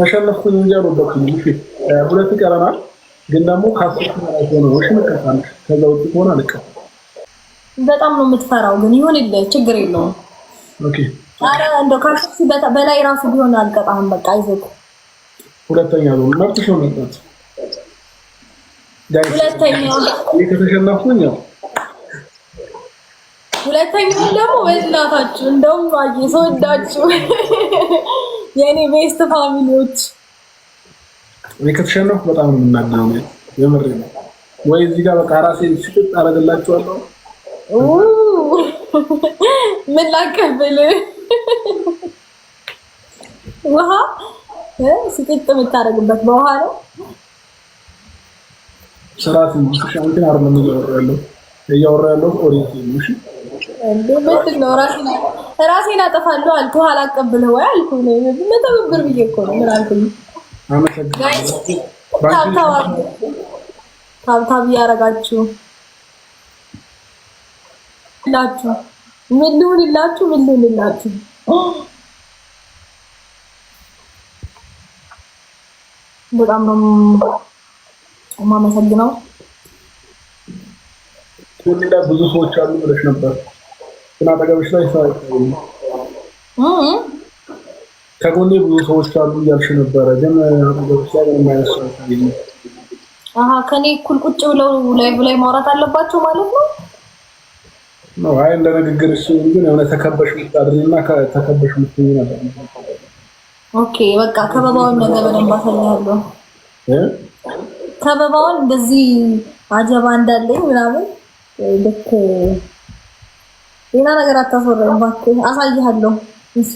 ተሸነፍኩኝ እንጂ አልወደኩኝ። አልወደኩም። ሁለት ቀረና፣ ግን ደግሞ ከአስር ነው ሽንከታል። ከዛ ውጭ ከሆነ አልቀም። በጣም ነው የምትፈራው፣ ግን ይሁን የለ ችግር የለውም። እንደ ከአስር በላይ ራሱ ቢሆን አልቀጣህም። በቃ አይዞህ። ሁለተኛ ነው መብትሽ ነው መጣት። ሁለተኛ ከተሸነፍኩኝ ያው ሁለተኛ ደግሞ በዝናታችሁ እንደውም ሰወዳችሁ የእኔ ቤስት ፋሚሊዎች እኔ ከተሸነፍኩ በጣም ነው የምናገረው። የምሬ ነው ወይ እዚህ ጋር በቃ ራሴ ሽቅጥ አደረግላቸዋለሁ። ምን ላቀብል ውሃ ስቅጥ የምታደርግበት በውሃ ነው። ስርዓት እያወራ ያለው እያወራ ያለው ኦሪንቴሽን ነው ራሴ ራሴን አጠፋለሁ አልኩ። አላቀብልህ ወይ አልኩህ። ለተብብር ብዬ እኮ ነው። ምን አልኩኝ? ታብታብ እያደረጋችሁ ላችሁ ምን ልሁንላችሁ? ምን ልሁንላችሁ? በጣም ነው የማመሰግነው። ብዙ ሰዎች አሉ ብለሽ ነበር ግን አጠገብሽ ላይ ሰው አይታይም። ከጎኔ ብዙ ሰዎች ካሉ እያልሽ ነበረ፣ ግን አጠገብሽ ላይ ምንም አይነት ሰው አይታይም። ከኔ እኩል ቁጭ ብለው ላይቭ ላይ ማውራት አለባቸው ማለት ነው ነው? አይ እንደ ንግግር እሱ ግን የሆነ ተከበሽ ምታድርና ተከበሽ ምትኝ ነበር። ኦኬ በቃ ከበባውን ነገር በደንብ አሳያለሁ። ከበባውን እንደዚህ አጀባ እንዳለኝ ምናምን ልክ ሌላ ነገር አታስወራኝ እባክህ። አሳይሃለሁ። እሱ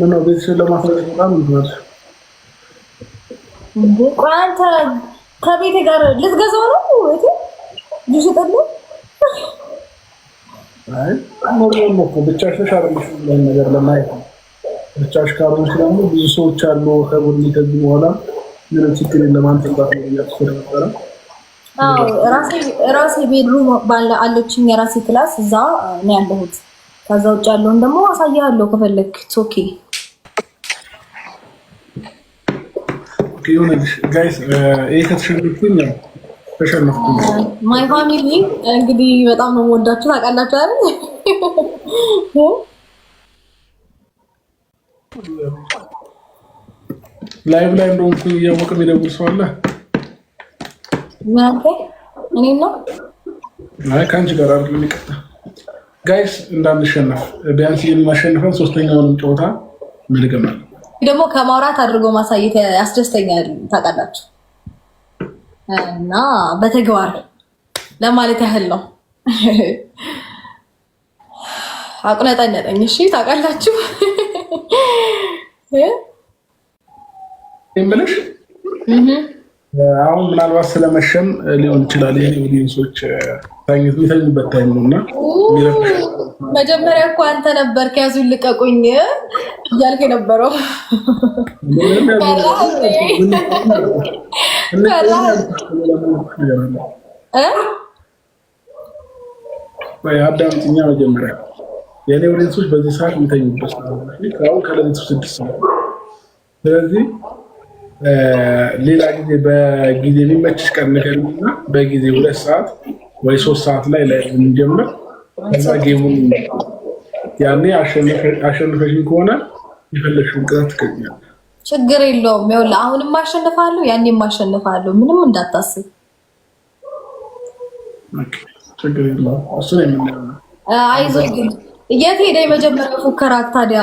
ምን ነው ቤተሰብ ለማስረጽ በጣም ምክንያት አንተ ከቤት ጋር ልትገዛው ነው ወይ ልሽጥል? አይ ብቻሽ አይደለሽ ነገር ለማየት ብቻሽ ካልሆንሽ ደግሞ ብዙ ሰዎች አሉ ከጎን ከዚህ በኋላ ምንም ችግር የለም አንተ ራሴ ቤድሩ ባለ አለችኝ የራሴ ክላስ እዛ ነው ያለሁት። ከዛ ውጭ ያለውን ደግሞ አሳያለሁ ከፈለግ። ቶኬ ማይ ፋሚሊ እንግዲህ በጣም ነው የምወዳችሁ ታውቃላችሁ አይደል? ላይቭ ላይ እንደሆንኩ እያወቅም የሚደውል ሰው አለ እኔና ከአንቺ ጋር አር የሚቀጣ ጋይስ እንዳንሸነፍ ቢያንስ የማሸንፈን ሶስተኛውንም ጨዋታ መልገማል። ደግሞ ከማውራት አድርጎ ማሳየት ያስደስተኛል ታውቃላችሁ። እና በተግባር ለማለት ያህል ነው። አቁነጠነጠኝ። እሺ ታውቃላችሁ የምልሽ አሁን ምናልባት ስለመሸም ሊሆን ይችላል። የኔ ኦዲየንሶች የሚተኙበት ታይም ነው እና መጀመሪያ እኮ አንተ ነበር ከያዙ ልቀቁኝ እያልክ የነበረው አዳምጥኛ። መጀመሪያ የኔ ኦዲየንሶች በዚህ ሰዓት የሚተኙበት ሁ አሁን ስድስት ነው። ስለዚህ ሌላ ጊዜ በጊዜ የሚመችሽ ቀን ንገሪና በጊዜ ሁለት ሰዓት ወይ ሶስት ሰዓት ላይ ላይ የምንጀምር ከዛ ጌሙን ያኔ አሸንፈሽኝ ከሆነ የፈለግሽውን ቅጣት ትገኛለሽ። ችግር የለውም። ይኸውልህ አሁንም አሸንፋለሁ፣ ያኔም አሸንፋለሁ። ምንም እንዳታስብ። ችግር የለውም። እሱን የምናየው አይዞህ። ግን የት ሄደ የመጀመሪያ ፉከራ ታዲያ?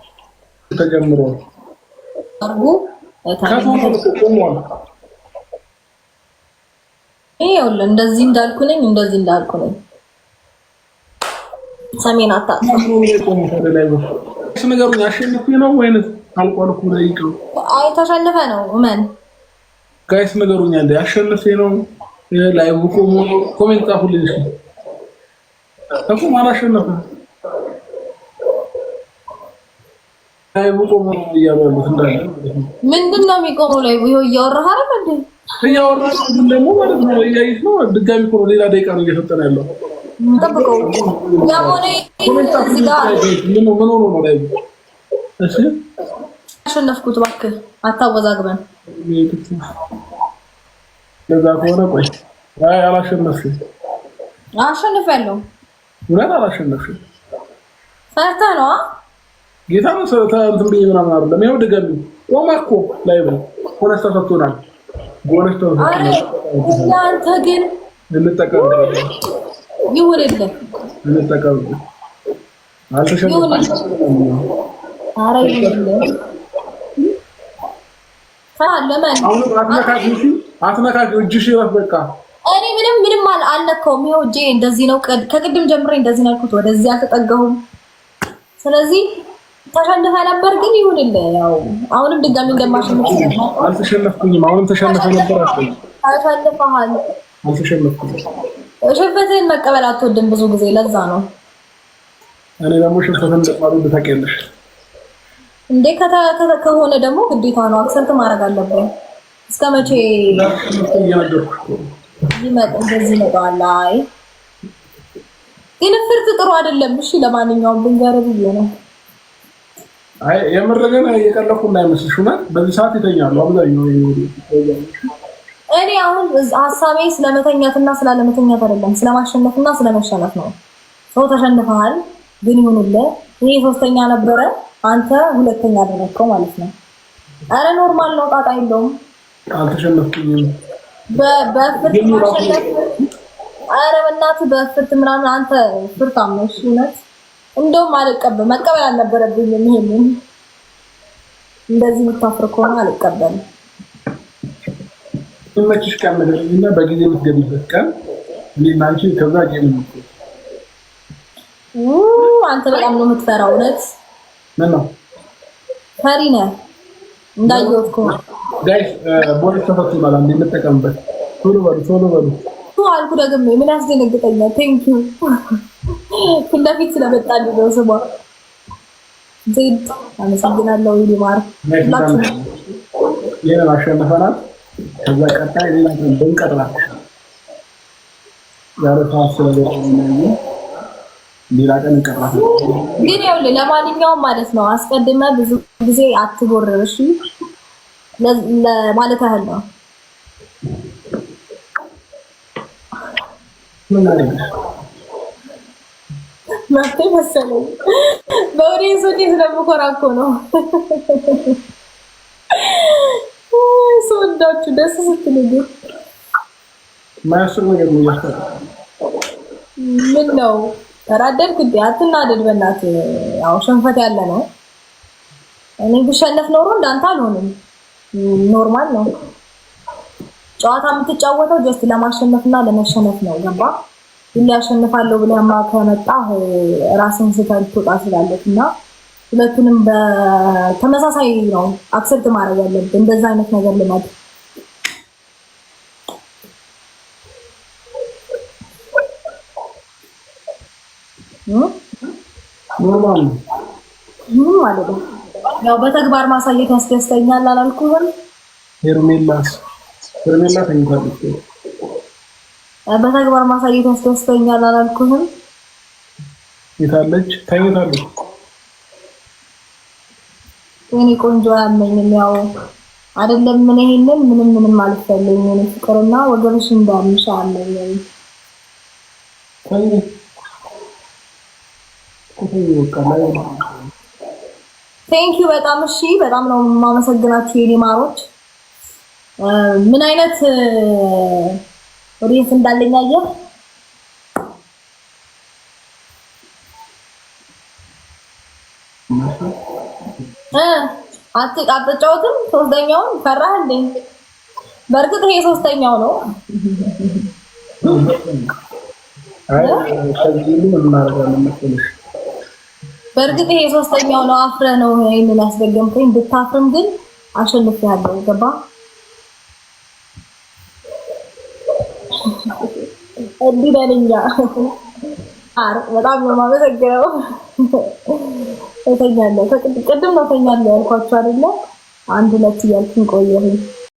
ተጀምሮ አርጉ እንደዚህ እንዳልኩ ነኝ፣ እንደዚህ እንዳልኩ ነኝ። ሰሜን አታውቅም። አሸንፌ ነው ወይንስ ጠይቀው። አይ ተሸንፈ ነው። እመን ጋይስ አሸንፌ ነው ኮሜንት ጻፉልኝ። እሺ ላይቡ ቆሞ ነው እያሉ ያሉት እንዳለ ምንድን ነው የሚቆመው? ላይቡ ይኸው እያወራህ አይደል እንዴ? እያወራህ ግን ደግሞ ማለት ነው እያየህ ነው። ድጋሚ እኮ ሌላ ደቂቃ ነው እየሰጠን ያለው። ጠብቀው ምን ሆኖ ነው ላይቡ? እሺ አሸነፍኩት። እባክህ አታወዛግበን። ለዛ ከሆነ ቆይ፣ አይ አላሸነፍሽም። አሸንፍ ያለው እውነት አላሸነፍሽም። ፈርተህ ነዋ ጌታ ነው እንትን ብዬ ምናምን አይደለም። ይኸው ድገሚ ቆማ እኮ ላይ ነው ሆነሽ ተሰጥቶናል። ጎነሽ ተሰጥቶናልአንተ ግን እኔ ምንም ምንም አልነካውም። ይኸው እጄ እንደዚህ ነው። ከቅድም ጀምሬ እንደዚህ ነው ያልኩት። ወደዚህ አልተጠጋሁም። ስለዚህ ተሸንፈ ነበር ግን ይሁንልህ። ያው አሁንም ድጋሚ እንደማሸንፍ አልተሸነፍኩኝም። አሁንም ተሸንፈ ነበር ሽንፈትህን መቀበል አትወድም ብዙ ጊዜ ለዛ ነው። እኔ ደግሞ ሽንፈትን እንደማልወድ ታውቂያለሽ እንዴ? ከሆነ ደግሞ ግዴታ ነው አክሰንት ማድረግ አለብህ። እስከ መቼ እንደዚህ ይመጣል? አይ ግን ጥሩ አይደለም። እሺ ለማንኛውም ብዬ ነው የምረገና የቀለኩ እንዳይመስልሽ ነ በዚህ ሰዓት ይተኛሉ አብዛኛው። እኔ አሁን ሀሳቤ ስለመተኛት ስለመተኛትና ስላለመተኛት አይደለም፣ ስለማሸነፍና ስለመሸነፍ ነው። ሰው ተሸንፈሃል፣ ግን ይሁንልህ። ይህ ሶስተኛ ነበረ፣ አንተ ሁለተኛ አደረግከው ማለት ነው። አረ ኖርማል ነው፣ ጣጣ የለውም። አልተሸነፍኩኝም በፍርድ ማሸነፍ። አረ በእናትህ በፍርድ ምናምን አንተ ፍርታም ነው እውነት እንደውም አልቀበል መቀበል አልነበረብኝም። ይሄንን እንደዚህ የምታፍር ከሆነ አልቀበልም። ሲመችሽ ቀን መደረግና በጊዜ የምትገቢበት ቀን እኔና አንቺ ከዛ ጌም አንተ በጣም ነው የምትፈራው። እውነት ምን ነው ፈሪ ነህ እንዳየሁት ከሆነ ጋይስ ቦሌት ተፈትሟል። አንዴ የምጠቀምበት ቶሎ በሉ ቶሎ በሉ አልኩ። ደግሞ ምን ያስደነግጠኛል? ቴንኪዩ ፊት ለፊት ስለመጣልኝ ነው። ስሟ ዜድ አመሰግናለሁ። ይማር ይህንን አሸንፈናል። ከዛ ቀጣይ ሌላ ብንቀጥላል ያለ ሰዓት ሌላ ቀን እንቀጥላል። ግን ያው ለማንኛውም ማለት ነው አስቀድመ ብዙ ጊዜ አትጎርር። እሺ ለማለት ያህል ነው። መብቴ መሰለኝ። በኦዲየንሶቼ ስለምኮራ እኮ ነው። ሰወዳችሁ ደስ ስትል ማያስብ ነገር ምን ነው ተራደድክ እንዴ? አትናደድ በእናትህ። ያው ሸንፈት ያለ ነው። እኔ ብሸነፍ ኖሮ እንዳንተ አልሆንም። ኖርማል ነው። ጨዋታ የምትጫወተው ጀስት ለማሸነፍ እና ለመሸነፍ ነው። ገባ ሁሌ አሸንፋለሁ ብለማ ከመጣ ራስን ስተን ትወጣ ስላለት እና ሁለቱንም በተመሳሳይ ነው አክሰፕት ማድረግ ያለብን። እንደዛ አይነት ነገር ልመድ ማለት ያው በተግባር ማሳየት ያስደስተኛል አላልኩህም? ሄርሜላስ ሄርሜላ ተኝታለች። በተግባር ማሳየት ያስደስተኛል አላልኩህም? ይታለች ታይታለች። የኔ ቆንጆ አያመኝም። ያው አይደለም ምን ይሄንን ምንም ምንም አልፈለኝ ነው ፍቅርና ወገብሽ እንዳምሽ አመኝ ቴንክ ዩ በጣም እሺ፣ በጣም ነው የማመሰግናችሁ የኔ ማሮች ምን አይነት ሪንስ እንዳለኝ አየህ። አትጫወትም? ሶስተኛውን ፈራህ እንዴ? በእርግጥ ይሄ ሶስተኛው ነው። በእርግጥ ይሄ ሶስተኛው ነው። አፍረ ነው ይሄንን ያስደገምከኝ። ብታፍርም ግን አሸንፌሃለሁ። ገባህ? እንዲለንኛ አር በጣም ነው የማመሰግነው። እተኛለሁ ቅድም ነው እተኛለሁ ያልኳቸው አይደለ? አንድ ሁለት እያልኩኝ ቆየሁኝ።